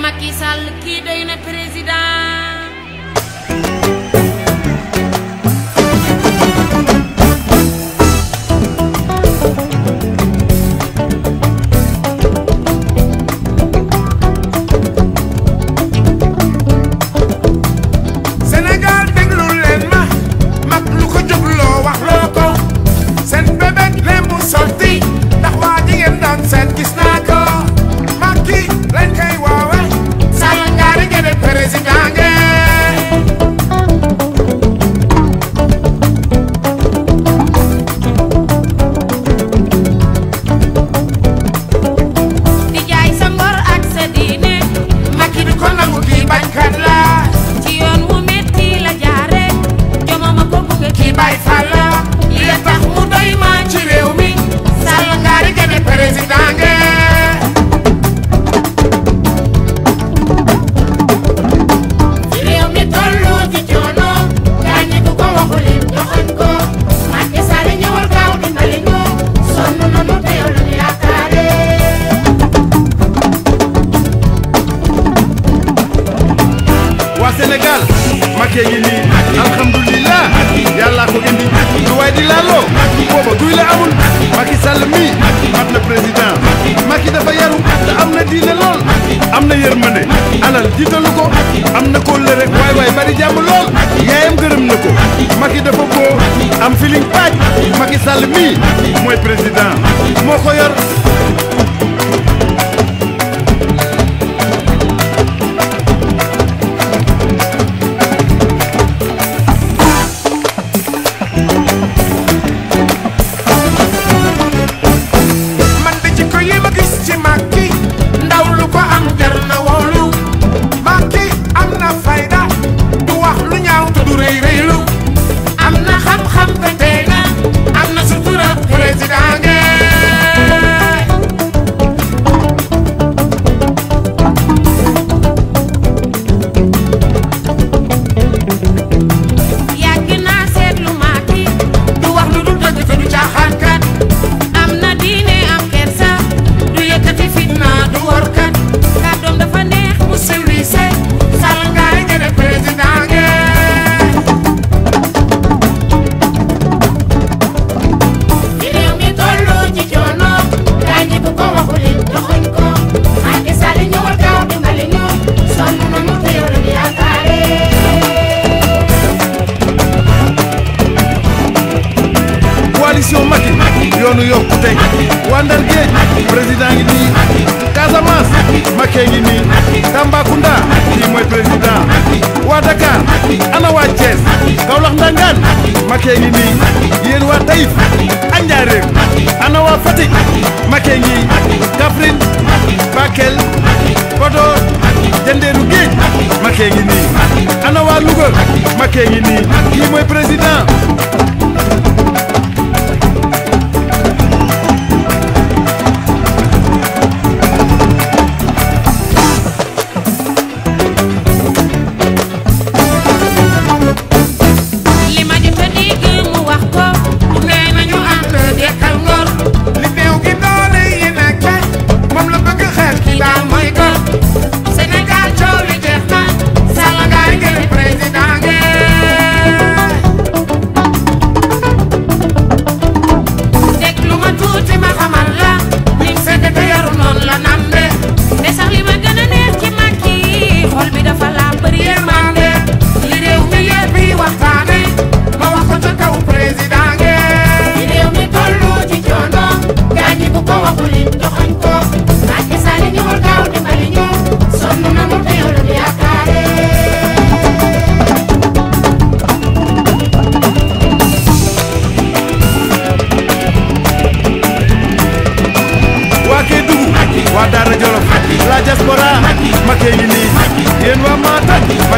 Macky Sall kii doy na président Sall mii am na président Macky dafa yaru te am na diine lool am na yërmande alal jiitalu ko am na kóol rek waay waay bari jàmm lool yaayam gërëm na ko Macky dafa koo am feeling paaj Macky Sall mii mooy président moo ko yor Bandar Géej président ngi nii Casamance Macky ngi nii Tambacounda kii mooy président waa Dakar ana waa Thiès Kaolack Ndangaan Macky ngi nii yéen waa Taïf ak Njaaréem ana waa Fatick Macky ngi Kaffrine Bakel Podor Jandeeru Géej Macky ngi nii ana waa Louga Macky ngi nii kii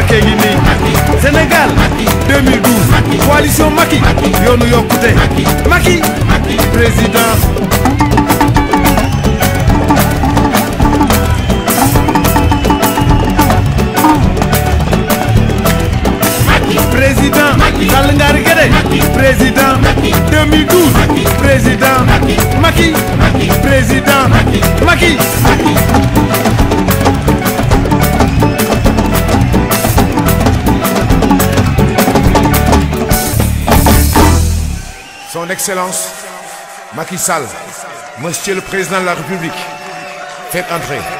Mbacké ngi nii Sénégal 2012 coalition Macky yoonu yokkute Macky président président Sall Ngaari Gédé président 2012 président Macky président son excellence Macky Sall monsieur le président de la République faites entrer